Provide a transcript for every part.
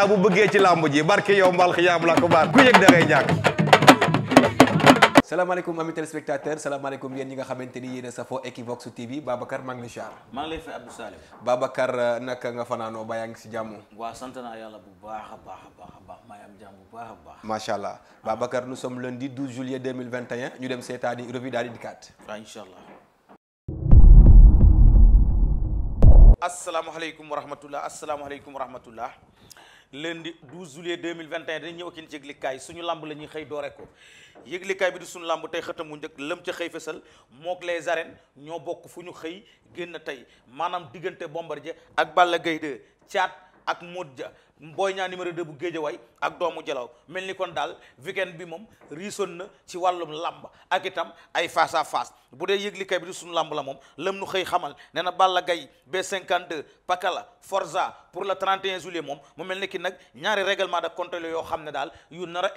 naa bu bëggee ci làmb ji barke yow mbal xiyaam la ko baal ku yëg da ngay ñàkk salaamaaleykum amis ñi nga xamante ni yéen a safoo Equivox TV Babacar maa ngi lay ziar. maa ngi lay fay Abdou Salim. Babacar euh, naka nga fanaanoo ba yaa ngi si jàmm. waaw sant naa yàlla bu baax a baax a baax maa am jàmm bu baax a baax. macha allah Babacar nous sommes lundi 12 juillet 2021 ñu dem seetaani revue daal di dikkaat. waaw incha allah. asalaamaaleykum wa rahmatulah asalaamaaleykum wa rahmatulah. lundi 12 juillet 2021 dañu ñëw ak ci yëglikaay suñu lamb la ñuy xëy doore ko yëglikaay bi di suñu lamb tey xëtamu njëkk lëm ca xëy fesal mook lay arènes ñoo bokk fu ñu xëy génn tey maanaam diggante bombar Bombardier ak Balla Gaye 2 caat ak ja Boy Niang numéro 2 bu Géejawaay ak doomu Jalaw mel ni kon daal weekend bi moom riisoon na ci wàllum làmb ak itam ay face à face bu dee yëglikaay bi suñu làmb la moom lëm nu xëy xamal ne na Balla Gaye B52 Pakala Forza pour le 31 juillet moom mu mel ni ki nag ñaari règlement de compte yoo xam ne daal yu nar a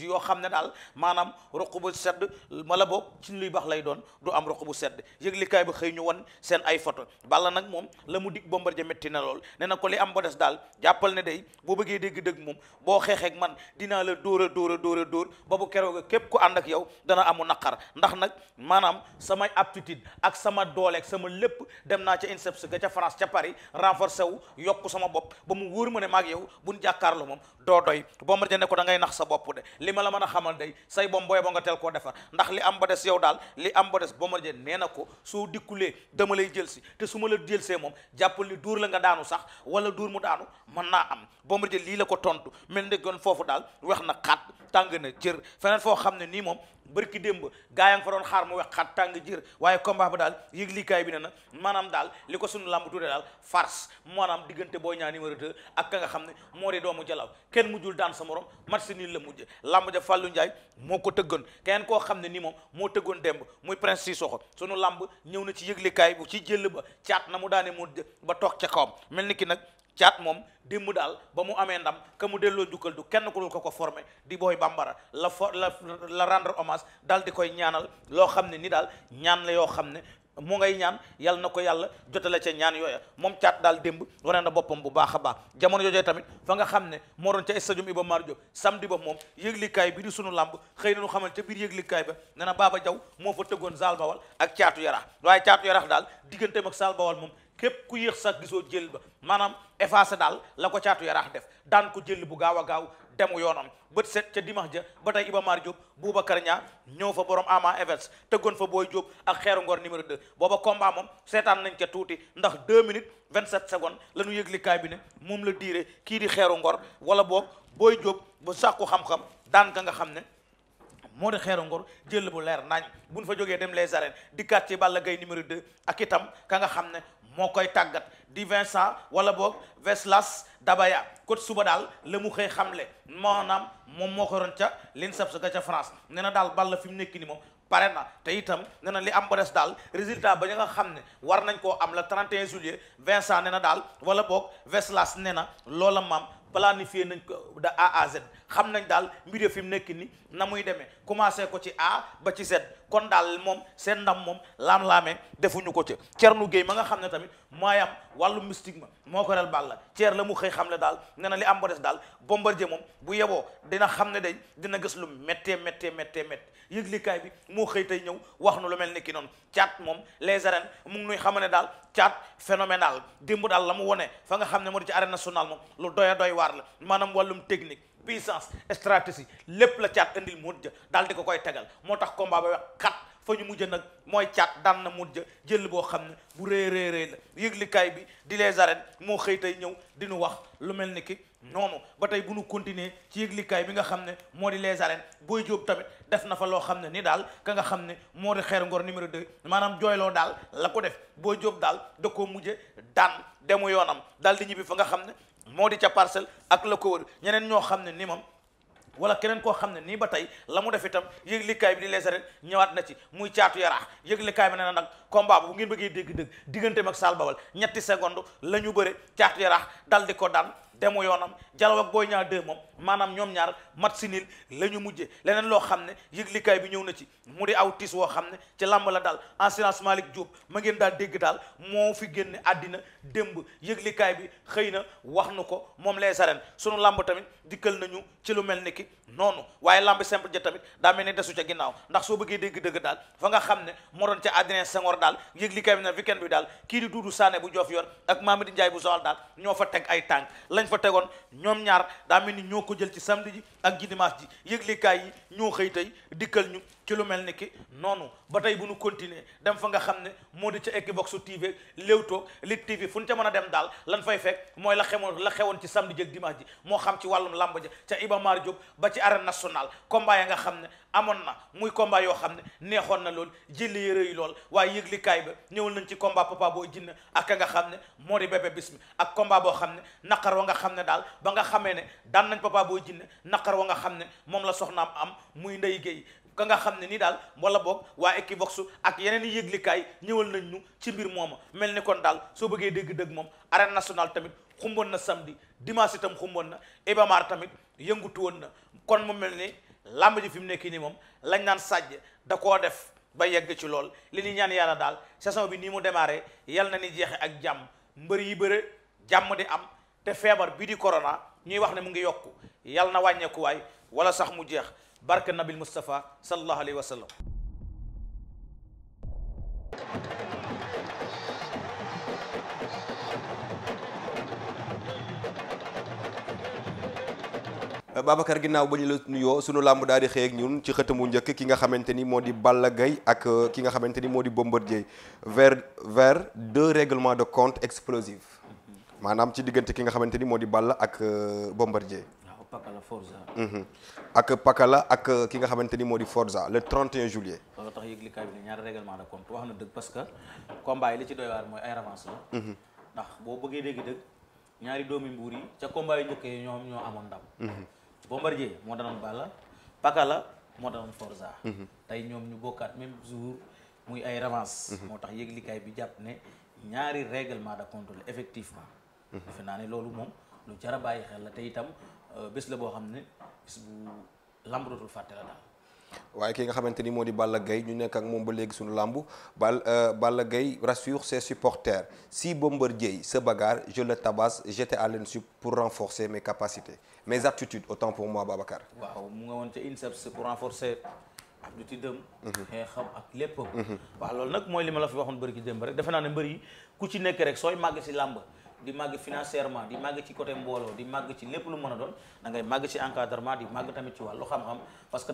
yoo xam ne daal maanaam roq bu sedd mala boog ci luy baax lay doon du am roq bu sedd yëglikaay bi xëy ñu won seen ay foto Balla nag moom la mu dig Bombardier metti na lool nee na ko li am ba des daal jàppal ne day boo bëggee dégg dëgg moom boo xeexeek man dinaa la dóor a dóor dóor a dóor ba bu keroog képp ku ànd ak yow dana amu naqar ndax nag maanaam samay aptitude ak sama dooleeg sama lépp dem naa ca INSEPS ga ca France ca Paris renforcé wu yokk sama bopp ba mu wóor ma ne maag yow buñ jàkkaarloo moom doo doy boo ma ne ko da ngay nax sa bopp de li ma la mën a xamal day say bom booy ba nga tel koo defar ndax li am ba des yow daal li am ba des Bombardier nee na ko soo dikkulee dama lay jëlsi te su ma la jëlsee moom jàppal ni dóor la nga daanu sax wala dóor mu daanu mën naa am boo Bombardier lii la ko tontu mel ne goon foofu daal wax na xaat tàng na jër feneen foo xam ne nii moom bërki démb gaa yaa ngi fa doon xaar mu wax xaat tàng jër waaye combat ba daal yëglikaay bi ne na maanaam daal li ko sunu làmb tuddee daal farce maanaam diggante Boy ñaa numéro 2 ak ka nga xam ne moo de doomu jalaw kenn mujjul daan sa morom match nii la mujj làmb ja fàllu Ndiaye moo ko tëggoon keneen koo xam ne nii moom moo tëggoon démb muy prince Sissoko sunu làmb ñëw na ci yëglikaay bu ci jël ba caat na mu daane mu ba toog ca kawam mel ni ki nag caat moom démb daal ba mu amee ndam ka mu delloo njukkal du kenn ku dul ko ko formé di booy bambara la fo la la rendre hommage daal di koy ñaanal loo xam ne ni daal ñaan la yoo xam ne mu ngay ñaan yal na ko yàlla jotale ca ñaan yooya moom caat daal démb wane na boppam bu baax a baax jamono joojee tamit fa nga xam ne moo doon ca stadium Iba Mar Diop samedi ba moom yëglikaay bi di sunu làmb xëy na nu xamal ca biir yëglikaay ba ne na Jaw moo fa tëggoon Zal Bawal ak caatu yarax waaye caatu yarax daal digganteem ak Zal Bawal moom képp ku yéex sax gisoo jël ba maanaam effacé daal la ko caatu yaraax def daan ko jël bu gaaw a gaaw demu yoonam bët set ca dimanche ja ba tey Iba Mar Diop Boubacar Ñaa ñëw fa borom ama events tëggoon fa Boy Diop ak xeeru ngor numéro de booba combat moom seetaan nañ ca tuuti ndax 2 minutes 27 secondes la ñu yëglikaay bi ne moom la diire kii di xeeru ngor wala boog booy Diop bu sàkku xam-xam daan ka nga xam ne moo di xeeru ngor jël bu leer nañ buñ fa jógee dem les arènes dikkaat ci Balla gay numéro 2 ak itam ka nga xam ne moo koy tàggat di Vincent wala boog Veslas Dabaya kot suba daal la mu xëy xamle maanaam moom moo ko ron ca lin sab sa ga ca France nee na daal Balla fi mu nekk ni moom pare na te itam nee na li am ba des daal résultat ba ñu nga xam ne war nañ koo am la 31 juillet Vincent nee na daal wala boog Veslas nee na loola maam planifié nañ ko de à Z xam nañ daal mbir fi mu nekk ni na muy demee commencé ko ci A ba ci Z kon daal moom seen ndam moom laam-laamee defuñu ko ci ca Thierno géey ma nga xam ne tamit am wàllu mystique ma moo ko rel bal la Thierno la mu xëy xam ne daal nee na li am ba des daal Bombardier moom bu yeboo dina xam ne dañ dina gis lu méttee méttee méttee métt yëglikaay bi moo xëy tey ñëw wax nu lu mel ni noonu caat moom les arènes mu ngi nuy xam ne daal caat phénoménal démb daal la mu wone fa nga xam ne moo di ci arène nationale moom lu doy a waar la maanaam wàllum technique puissance stratégie lépp la caat indil mu ja daal di ko koy tegal moo tax combat ba wax xat fa ñu mujj nag mooy caat daan na mu ja jël boo xam ne bu rëy rëy la yëglikaay bi di les arènes moo xëy ñëw di nu wax lu mel ni ki noonu ba tey bu nu continuer ci yëglikaay bi nga xam ne moo di les arènes booy jóob tamit def na fa loo xam ne ni daal ka nga xam ne moo di xeer ngor numéro de maanaam jooyloo daal la ko def boo jóob daal da koo mujje daan demu yoonam daal di ñibbi fa nga xam ne moo di ca parcelle ak la ko wër ñeneen ñoo xam ne ni moom wala keneen koo xam ne nii ba tey la mu def itam yëglikaay bi di les arènes ñëwaat na ci muy caatu yaraax yëglikaay bi nee na nag combat bu ngeen bëggee dégg-dëgg digganteem ak Sall Babal ñetti seconde la ñu bëre caatu yaraax dal di ko daan demu yoonam jaraw ak Boy Niang 2 moom maanaam ñoom ñaar mat si niil la ñu mujje leneen loo xam ne yëglikaay bi ñëw na ci mu di aw tiis woo xam ne ci làmb la daal assurance Malick Diop ma ngeen daal dégg daal moo fi génne àddina démb yëglikaay bi xëy na wax nu ko moom les arènes sunu làmb tamit dikkal nañu ci lu mel ni ki noonu waaye làmb simple ja tamit daa mel ni desu ca ginnaaw ndax soo bëggee dégg dëgg daal fa nga xam ne moo doon ca Adrien Senghor daal yëglikaay bi na weekend daal kii di Doudou Sané bu Diofior ak Mamadou Ndiaye bu Joal daal ñoo fa teg ay tànk fa tegoon ñoom ñaar daa mel ni ñoo ko jël ci samedi ak ji dimanche ji yëglekaay yi ñoo xëy tey dikkal ñu ci lu mel ni ki noonu ba tey bu ñu continuer dem fa nga xam ne moo di ca Equivox TV Leewtoo Lutte TV fu nu ca mën a dem daal lan fay fekk mooy la xewoon la xewoon ci samedi ji ak dimanche ji moo xam ci wàllum làmb ja ca Iba Mar ba ci arène nationale combat ya nga xam ne amoon na muy combat yoo xam ne neexoon na lool jël yi rëy lool waaye yëglikaay ba ñëwal nañ ci combat papa boo jinne ak ka nga xam ne moo di bébé bis ak combat boo xam ne naqar wa nga xam ne daal ba nga xamee ne daan nañ papa boo jinne naqar wa nga xam ne moom la soxnaam am muy ndey géey ka nga xam ne nii daal wala boog waa Equivox ak yeneen i yëglikaay ñëwal nañ ñu ci mbir mooma mel ni kon daal soo bëggee dégg-dëgg moom arène national tamit xumboon na samedi dimanche itam xumboon na Iba tamit yëngutu woon na kon mu mel ni làmb ji fi mu nekk nii moom lañ naan sàjj da koo def ba yegg ci lool li ñuy ñaan yàlla daal saison bi nii mu démarré yal na ni jeexe ak jàmm mbër yi bëre jàmm di am te feebar bi di korona ñuy wax ne mu ngi yokku yal na wàññeekuwaay wala sax mu jeex barke nabil Mustafa sallallahu alayhi wa sallam Babacar ginnaaw ba ñu la nuyoo sunu làmb daal di xëy ak ñun ci xëtamu njëkk ki nga xamante ni moo di Balla gay ak euh, ki nga xamante ni moo di Bombardier vers ver deux règlements de compte explosifs maanaam ci diggante ki nga xamante ni moo di Balla ak euh, Bombardier. waaw Pakala Forza. Mhm. ak Pakala ak euh, ki nga xamante ni moo di Forza le 31 juillet. loolu tax yëglikaay bi ne ñaari règlement de compte wax na dëgg parce que combat yi li ci doy mooy ay revanche la. Mhm. ndax boo bëggee dégg ñaari doomi mbuur yi ca combat yu ñoo amoon ndam. Mhm. Bombardier moo danoon Balla Pakala moo danoon Forza. Mhm. tey ñoom ñu bokkaat même jour muy ay revanche. Mhm. moo tax yëglikaay bi jàpp ne ñaari réglement de contrôle effectivement. Mhm. defe naa ne loolu moom lu jar a bàyyi xel la te itam euh, bés la boo xam ne bés bu lamb dootul fàtte la daal. waaye ki nga xamante ni moo di Balla Gaye ñu nekk ak moom ba léegi suñu làmb Bal euh, Balla Gaye rassure ses supporters si Bombardier se bagarre je le tabasse j'étais à l'INSEP pour renforcer mes capacités mes aptitudes autant pour moi Babacar. waaw mu nga woon ca INSEP pour renforcer aptitude dëm mhm. xam ak lépp. Mhm. waaw loolu nag mooy li ma la fi waxoon bëri ki démb rek defe naa ne mbër ku ci nekk rek sooy màgg si làmb. di màgg financièrement di màgg ci côté mbooloo di màgg ci lépp lu mën a doon da ngay màgg ci encadrement di màgg tamit ci wàllu xam-xam parce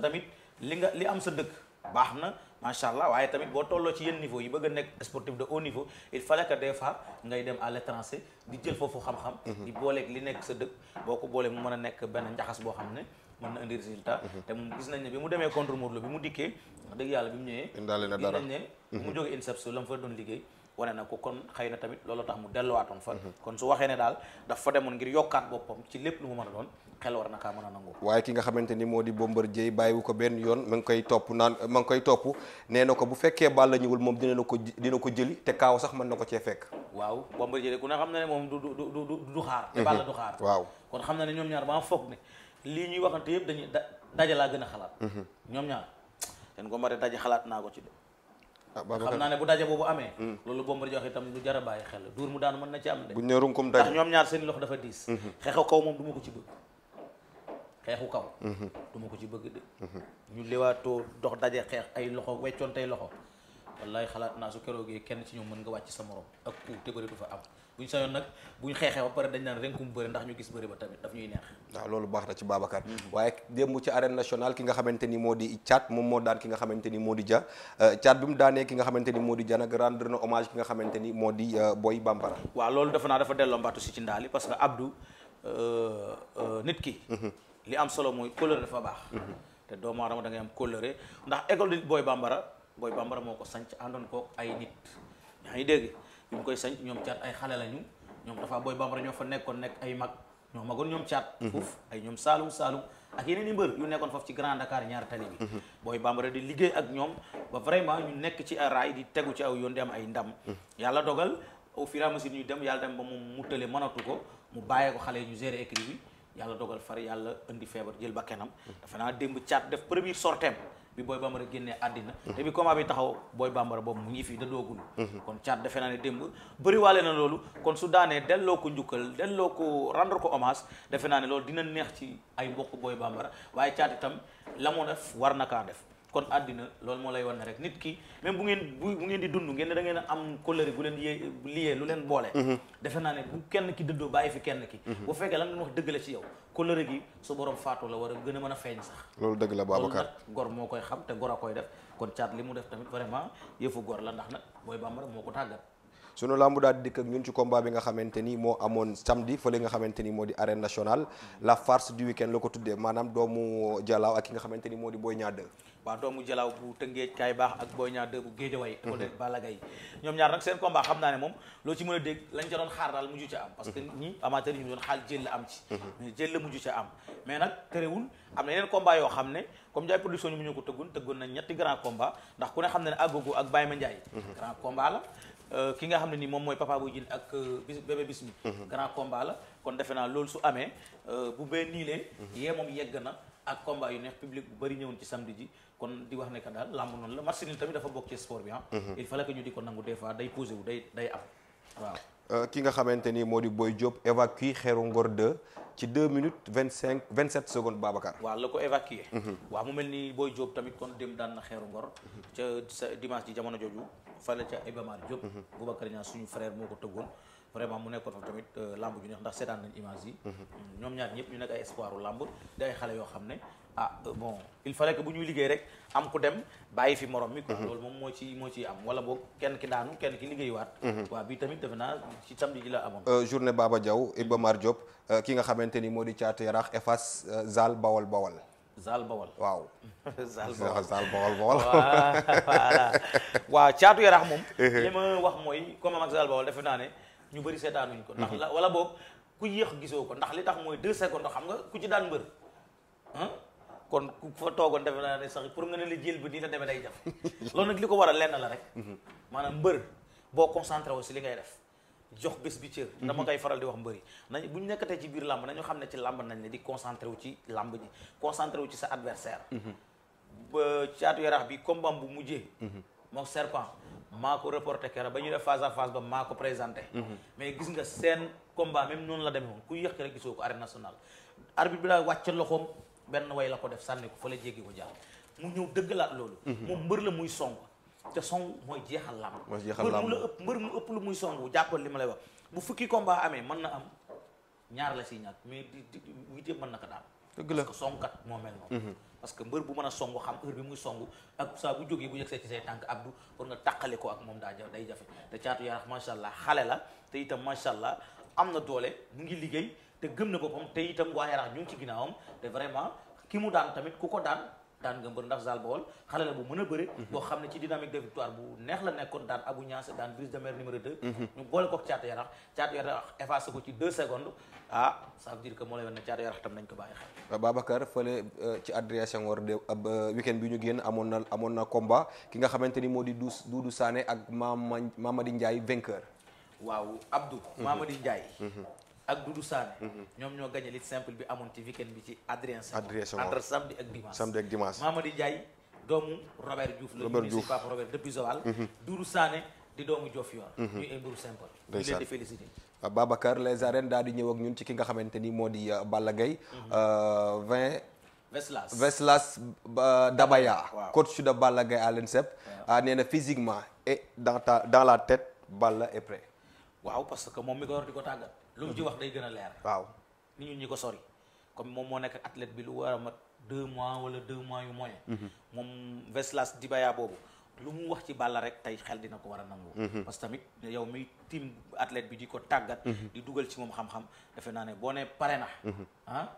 li nga li am sa dëkk baax na macha allah waaye tamit boo tolloo ci yenn niveau yi bëgg a nekk sportif de haut niveau il fallait que des fois ngay dem à l'étranger di jël foofu xam-xam. Mhm. di booleeg li nekk sa dëkk boo ko boolee mu mën a nekk benn njaxas boo xam ne mën na indi résultat. Mhm. te moom gis nañ ne bi mu demee contre Modou bi mu dikkee wax dëgg yàlla bi mu ñëwee. indaale gis nañ ne. mu mhm. jógee INSEPS la mu fa doon liggéey. wane na ko kon xëy na tamit loolu tax mu delluwaatoon fa kon su waxee ne daal daf demoon ngir yokkaat boppam ci lépp lu mu mën a doon xel war na mën a nangu waaye ki nga xamante ni moo di Bombardier bàyyiwu ko benn yoon ma ngi koy topp naan ma ngi koy topp nee na ko bu fekkee Balla ñëwul moom dina la ko dina ko jëli te kaaw sax mën na ko cee fekk waaw Bombardier ku ne xam na ne moom du du du du du xaar te mhm. Balla du xaar waaw kon xam na ne ñoom ñaar ma foog ne lii ñuy waxante yëpp dañuy daja laa gën a xalaat mhm. ñoom ñaar seen combat daje xalaat naa ko ci Ah, xam naa ne bu daje boobu amee loolu Bombardier wax itam lu jar a bàyyi xel duur mu daanu mën na ci am de bu ñëw runkum daje ndax ñoom ñaar seen loxo dafa diis mhm. xeexu kaw moom du ko ci bëgg xeexu kaw mhm. du ma ko ci bëgg de ñu liwaatoo dox daje xeex ay loxo weccoon tey loxo wallaay xalaat naa su keroogee kenn ci ñoom mën nga wàcc sa morom ak ku te bëri fa am bu ñu sañoon nag bu ñu xeexee ba pare dañ naan renkum bëri ndax ñu gis bëri ba tamit daf ñuy neex waaw loolu baax na ci Babacar mm-hmm. waaye démb ci arène nationale ki nga xamante ni moo di Thiat moom moo daan ki nga xamante ni moo di Dia euh, Thiat bi mu daanee xamante ni moo di Dia nag rendre na hommage ki nga xamante ni moo di euh, Boy Bambara waaw loolu dafa naa dafa delloo mbaatu si ci ndaali parce que Abdou euh, nit ki mm-hmm. li am solo mooy couleur dafa baax mm-hmm. te doomu aadama da ngay am couleur ndax école di Boy Bambara booy bambara moo ko sanc àndoon kook ay nit yaa ngi dégg bi mu koy sanc ñoom caat ay xale lañu ñoom dafa booy bambara ñoo fa nekkoon nekk ay mag ñoo magoon ñoom caat foofu mhm. ay ñoom saalum saalum ak yeneen i mbër yu nekkoon foofu ci Grand Dakar ñaar tali bi mhm. booy bambara di liggéey ak ñoom ba vraiment ñu nekk ci raay di tegu ci aw yoon di am ay ndam mhm. yàlla dogal au fur et à mesure ñuy dem yàlla dem ba mu muttale mënatu ko mu bàyyee ko xale ñu gérer écrit bi yàlla dogal far yàlla indi feebar ba kenam dafa naa bi Boy Bambara génnee àddina te bi combat bi taxaw Boy Bambara boobu mu ngi fi da doogul mhm. kon caat defe naa ne démb bëriwaale na loolu kon su daanee delloo ko njukkal delloo ko rendre ko hommage defe naa ne loolu dina neex ci ay mbokk Boy Bambara la mu war na kaa def kon àddina loolu moo lay wan ne rek nit ki même bu ngeen bu bu ngeen di dund ngeen ne da ngeen a am colère bu leen yee liyee lu leen boole. Mhm. defe naa ne bu kenn ki dëddoo bàyyi fi kenn ki. Mhm. bu fekkee lan nga wax dëgg la ci yow kóllëre gi su borom faatu la war a gën a mën a feeñ sax loolu dëgg la Babacar gor moo koy xam te gor a koy def kon caat li mu def tamit vraiment yëfu gor la ndax nag booy bambara moo ko tàggat sunu lambu daal di dikk ak ñun ci combat bi nga xamante ni moo amoon samedi fële nga xamante ni moo di arène nationale la farce du week-end ko tuddee maanaam doomu jalaaw ak ki nga xamante ni moo di Boy Niang 2 waaw doomu jalaaw bu tëngeej ak Boy Niang 2 bu Guédiawaye wala mhm. ñaar nag seen combat xam naa ne moom loo ci mën a dégg lañ ca doon xaar daal mujj ca am parce que mhm. ñi amateur yi ñu doon xaal jël la am ci mhm. mais jël la mujj ca am mais nag terewul am na yeneen combat yoo xam ne comme Ndiaye production ñu mu ñoo ko tëggoon tëggoon nañ ñetti grand combat ndax ku ne xam ne ne Agogo ak Baye Mandiaye grand combat la Euh, ki nga xam ne ni moom mooy Papa Boy Djiné ak euh, bis bébé Bismi mhm. grand combat la kon defe naa loolu su amee euh, bu bee nii lee mhm. yee moom yegg na ak combat yu neex public bu bëri ñëwoon ci samedi ji kon di wax ne que daal làmb noonu la match nul tamit dafa bokk ci sport bi ah mhm. il fallait di ko nangu des fois day posé wu day day am ki nga xamante ni moo di Boy Diop évacué Xeeru Ngor 2 ci 2 minutes 25 27 secondes Babacar waaw la ko évacué waaw mu mel ni booy joob tamit kon dem daan na Xeeru Ngor ca dimanche ji jamono jooju fale ca Iba Mar Diop mhm. Boubacar Niang suñu frère moo ko tëggoon vraiment mu nekkoon fa tamit euh, lamb ju neex ndax seetaan nañ image yi mhm. ñoom ñaar ñëpp ñu nekk ay espoir u lamb di ay xale yoo xam ne ah euh, bon il fallait que bu ñuy liggéey rek am ku dem bàyyi fi morom mi quoi mhm. loolu moom moo ci moo ciy am wala boog kenn ki daanu kenn ki liggéeyuwaat waaw bii tamit defe naa ci samedi ji la amoon euh, journée Baba Diaw Iba Mar ki nga xamante ni moo di caatu yaraax Efas Zal Bawal Bawal Zal Bawol waaw. Zal Bawol Zal Bawol Bawol. voilà waaw caatu yaraax moom. li ma wax mooy comme am ak Zal Bawol defe naa ne ñu bari bëri seetaanuñ ko. ndax la wala boobu ku yéex gisoo ko ndax li tax mooy deux secondes xam nga ku ci daan mbër. kon ku fa toogoon defe naa ne sax pour nga ne la jël bi nii la demee day jaf loolu nag li ko waral lenn la rek. maanaam mbër boo concentré aussi li ngay def. jox bés bi cër. Mhm. dama koy faral di wax mbëri nañ bu ñu nekkatee ci biir làmb nañu xam ne ci làmb nañ ne di concentré wu ci làmb ji concentré wu ci sa adversaire mhm. ba caatu yarax bi combat bu mujjee. Mhm. moom serpent maa ko reporté keroog ba ñu def face a face ba maa ko présenté. mais gis nga seen combat même noonu la demee woon ku yéex rek gisoo ko arène nationale. arbitre bi daal wàcce loxoom benn way la ko def sànni ko fa la jéggi ko jàll mu ñëw dëggalaat loolu. moom mbër la muy song. te song mooy jeexal làmb mooy jeexal làmb mbër mu la ëpp mbër mu ëpp lu muy songu jàppal li ma lay wax bu fukki combat amee mën na am ñaar la si ñàkk mais di di mën na ko daal dëgg la parce que songkat moo mel noonu mhm. parce que mbër bu mën a songu xam heure bi muy songu ak saa bu jógee bu yegsee ci say tànk abdu pour nga tàqale ko ak moom daa jafe day jafe te caatu yaarax macha allah xale la te itam macha allah am na doole mu ngi liggéey te gën na boppam te itam waa yaarax ñu ngi ci ginnaawam te vraiment ki mu daan tamit ku ko daan daan nga mbër ndax Zal Baol xale la bu mën a bëre mhm. boo xam ne ci dynamique de victoire bu neex la nekkoon daan Abou Niass daan brise de mer numéro 2 mhm. ñu boole ko caatu yarax caatu yarax effacé ko ci deux secondes ah ça veut dire que moo lay wan ne caatu tam nañ ko bàyyi xel Babacar fële euh, ci Adrien Senghor de ab euh, bi ñu génn amoon na amoon na combat ki nga xamante ni moo di Duus du saanee ak Mamadi Ndiaye vainqueur waaw Abdou mhm. Mamadi Ndiaye ak Doudou Sané. Mhm. ñoom ñoo gagné lit simple bi amoon ci weekend bi ci Adrien Senghor. Adrien Senghor entre samedi ak dimanche. samedi ak dimanche Mamady Ndiaye doomu Robert Diouf. Robert Diouf ñu papa Robert depuis Joal. Mhm. Doudou di doomu Diofior. Mhm. ñuy ay mbiru simple. Ah, ñëw ak ñun ci ki nga xamante ni moo di euh, Balla Gaye 20. Euh, Veslas Veslas Dabaya. waaw coach de Balla Gaye à l'INSEP. waaw ah, nee na physiquement dans la tête Balla est prêt. waaw parce que moom mi ko yor di ko tàggat. lu mu ci wax day gën a leer. waaw ni ñun ñi ko sori. comme moom moo nekk athlète bi lu war a mag deux mois wala deux mois yu moyen. Mhm. moom Veslas Dibaya boobu. lu mu wax ci Balla rek tey xel dina ko war a nangu. Mhm. parce que tamit yow mi team athlète bi di ko tàggat. Mhm. di dugal ci moom xam-xam defe naa ne boo nee pare na. Ah?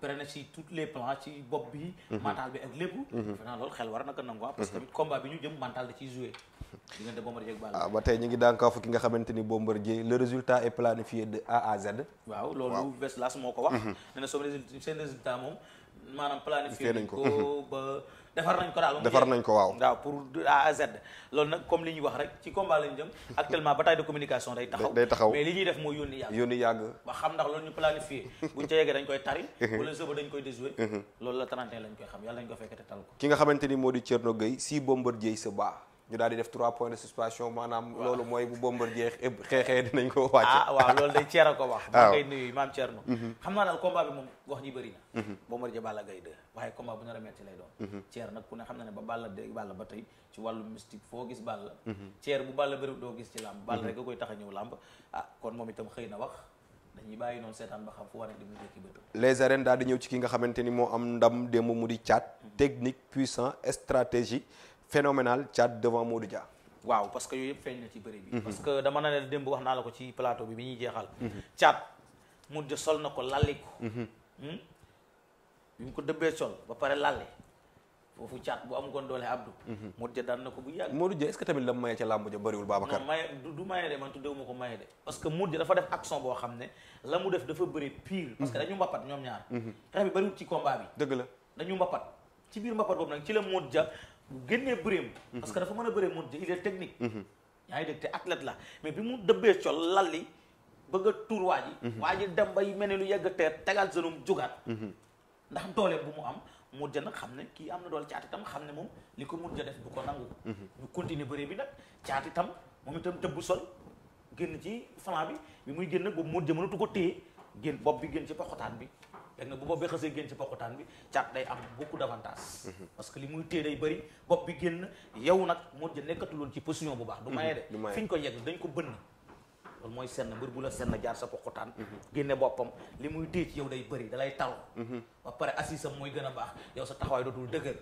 pare na ci toutes les plans ci bopp bi. Mhm. mental bi ak lépp. Mhm. defe naa ah, bi ñu jëm mental da ciy joué. diggante Bombardier ak Balla ah, ba tey ñu ngi daankaafu ki nga xamante ni Bombardier le résultat est planifié de A Z. waaw loolu Veslas moo ko wax. Mhm. nee na seen résultat moom maanaam planifié ko defar nañ ko daal defar nañ ko A à Z loolu nag comme li ñuy wax rek ci combat lañ jëm actuellement bataille de communication day taxaw day taxaw mais li ñuy def mooy yónni yàgg yónni yàgg ba xam ndax loolu ñu planifié buñ ca yeggee dañ koy tari mhm. loolu la 31 lañ koy xam yàlla dañ ko fekkete tal ki nga xamante ni moo di Thierno Gueye si Bombardier se bat ñu daal di def trois points de suspension maanaam. loolu mooy bu Bombardier xeexee dinañ ko wàcce. ah waaw loolu day Thierno ko wax. waaw mhm. xam naa daal combat bi moom wax ji bëri na. Mhm. Bombardier Balla Gaye 2 waaye a metti lay doon. Mhm. Thierno nag ne xam na ne ba Balla ba tey ci wàllu mystique foo gis Balla. Thierno bu Balla bëri doo gis ci làmb. Balla rek a koy tax a ñëw làmb ah kon moom itam xëy na wax. dañuy bàyyi noonu seetaan ba xam fu war a dem ki bëtu les arènes daal di ñëw ci ki nga xamante ni moo am ndam démb mu di caat technique puissant stratégie phénoménal Tchad devant Modou Dia. waaw parce que yooyu yëpp feeñ na ci bëri bi. Mhm. parce que dama na ne démb wax naa la ko ci plateau bi bi ñuy jeexal. Mhm. Tchad Modou sol na ko lalli ko. Mhm. Hmm? bi mu ko dëbbee sol ba pare lalle foofu caat bu am goon doole Abdou. Modou Dia na ko bu yàgg. Modou Dia est-ce que tamit la maye ca làmb ja bëriwul Babacar. non maye du maye de man tuddewuma ko maye de. parce que Modou Dia dafa def action boo xam ne la mu def dafa bëri pire. parce que dañu ñoom ñaar. xeex ci combat bi. dëgg la dañu mbapat ci biir mbapat boobu nag ci la Modou bu génnee bëreem. parce que dafa man a bëree moom il est technique. yaa ngi dégg te athlète la mais bi mu dëbbee col lalli bëgg a tuur waa ji. waa ji dem bay mel ni lu yegg teer tegal seenum jugaat. ndax doole bu mu am mujj nag xam ne kii am na doole caati tam xam ne moom li ko mujj def bu ko nangu. ñu continuer bëree bi nag caati tam moom itam tëbb sol génn ci flanc bi bi muy génn nag boobu mujj mënatu ko téye génn bopp bi génn ci poxotaan bi. léegi nag bu bopp bi xasee génn ci poqutaan bi cat day am beaucoup d'avantage parce que li muy téye day bëri bopp bi génn yow nag moo jë nekkatuloon ci position bu baax du maye de fi ñu ko yegg dañ ko bënn loolu mooy senn mbir bu la senn jaar sa poqutaan génne boppam li muy téye ci yow day bëri dalay talo ba pare assise am mooy gën a baax yow sa taxawaay dootul dëgër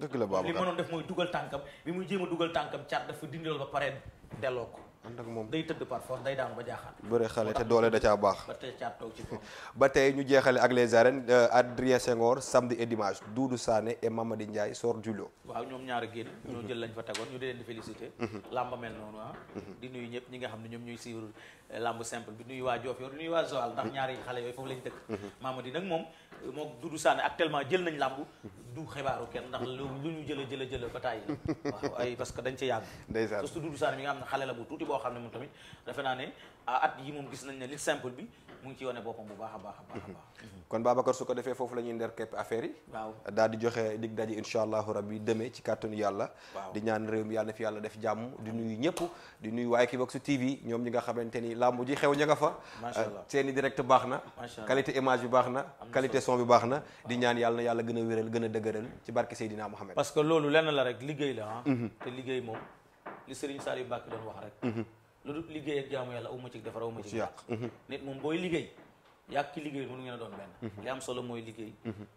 dëgg la baabu li mënoon def mooy dugal tànkam bi muy jéem a dugal tànkam cat dafa dindi loolu ba pare delloo ko ànd ak moom day tëdd par force day daanu ba jaaxaan. bëre te doole da caa baax. ba tey caa toog ci kaw. ba tey ñu jeexale ak les arènes euh, Adrien Senghor samedi et dimanche Doudou Sané et Mamadi Ndiaye sort du lot. waaw ñoom ñaar génn. ñoo jël lañ fa tegoon ñu di leen di félicité. Mhm. làmb mel noonu ah. Mhm. di nuyu ñëpp ñi nga xam ne ñoom ñuy suivre euh, làmb simple bi nuyu waa Diofior nuyu waa Joal ndax mhm. ñaari xale yooyu foofu lañ dëkk. Mamadi nag moom euh, moom Doudou Sané actuellement jël nañ làmb du xibaaru kenn ndax lu ñu jële jële dañ ci yàgg ndeysaan surtout Doudou Sané mi nga xam xale la bu tuuti boo xam ne moom tamit defe naa ne at yi moom gis nañ ne li simple bi mu ngi ci wane boppam bu baax a baax a baax a baax mhm. Mhm. kon Babacar su ko defee foofu la nder képp affaire yi daal di joxe dig daje insha allahu rabbi demee ci kàttanu yàlla di ñaan réew mi yàlla def jàmm di nuyu ñëpp di nuyu waa Equivox TV ñoom ñi nga xamante ni làmb ji xew ña nga fa euh, seeni direct baax a a dëgëral ci barke Seydina Mohamed. parce que loolu lenn la rek liggéey la ah. mhm. te liggéey moom li Serigne Saliou Mbacké doon wax mhm. lu liggéey jaamu yàlla aw ci defar aw ci yàq. Mhm. nit moom booy liggéey yàq liggéey a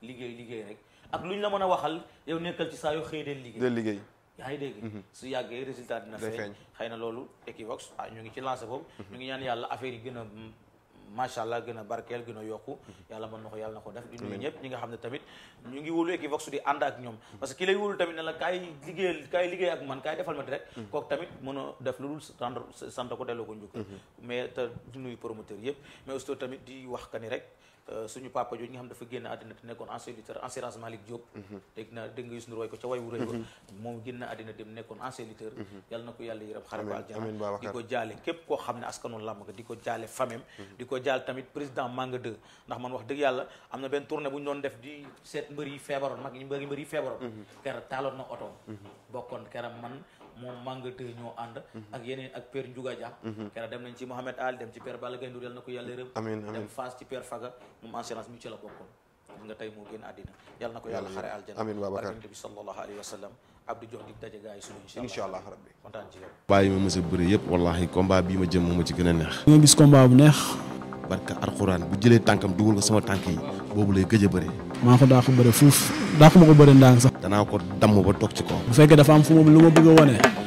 liggéey. rek ak lu ñu la mën a waxal yow nekkal ci saa yoo xëy del liggéey. del dégg su yàggee résultat dina feeñ xëy na loolu Equivox ah, ñu ngi ci lancé boobu ñu ngi ñaan yàlla affaire yi gën a macha allah gën a barkeel gën a yokku yàlla mën na ko yàlla na ko def di nuyu ñëpp ñi nga xam ne tamit ñu ngi wóolu Equivox di ànd ak ñoom parce que ki lay wóolu tamit ne la kaay liggéeyal kaay liggéey ak man kaay defal ma direct mm-hmm. kooku tamit mën a def lu dul rendre sant ko delloo ko njukkal mm-hmm. mais te di nuyu promoteur yëpp mais aussi tamit di wax kani rek Euh, suñu papa jooju nga xam dafa génn àddina te nekkoon ancien lutteur assurance Malick Diop mhm. dégg na dégg nga Youssou Ndour way ko ca way wu rëy ko mhm. moom génn àddina dem nekkoon ancien lutteur mhm. yàlla na ko yàlla yërëm xare ko aljana di ko jaale képp koo xam ne askanu làmb nga di ko jaale famem di ko jaal tamit président Manga 2 ndax man wax dëgg yàlla am na benn tournée bu ñu doon def di seet mbër yi feebaroon mag ñi mbër yi feebaroon kera taaloon na oto bokkoon moom màngatee ñoo ànd mhm. ak yeneen ak père Ndiouga Dia mhm. dem nañ ci Mohamed Ali dem ci père Balla Gaye yal na ko yàlla rëm amiin amiin dem nga tey moo génn àddina yal na ko yàlla xare aljana amiin Babacar bi sallallahu alayhi wa sallam yëpp wallahi combat bii ma jëm moo ci gën a neex nga gis combat bu neex barka alxuraan bu jëlee tànkam dugal ko sama tànk yi boobu lay gëj a bëri maa ko daa ko bëri fuuf ko ma ko sax danaa ko damm ba toog ci kaw bu fekkee dafa am fu mu lu ma bëgg a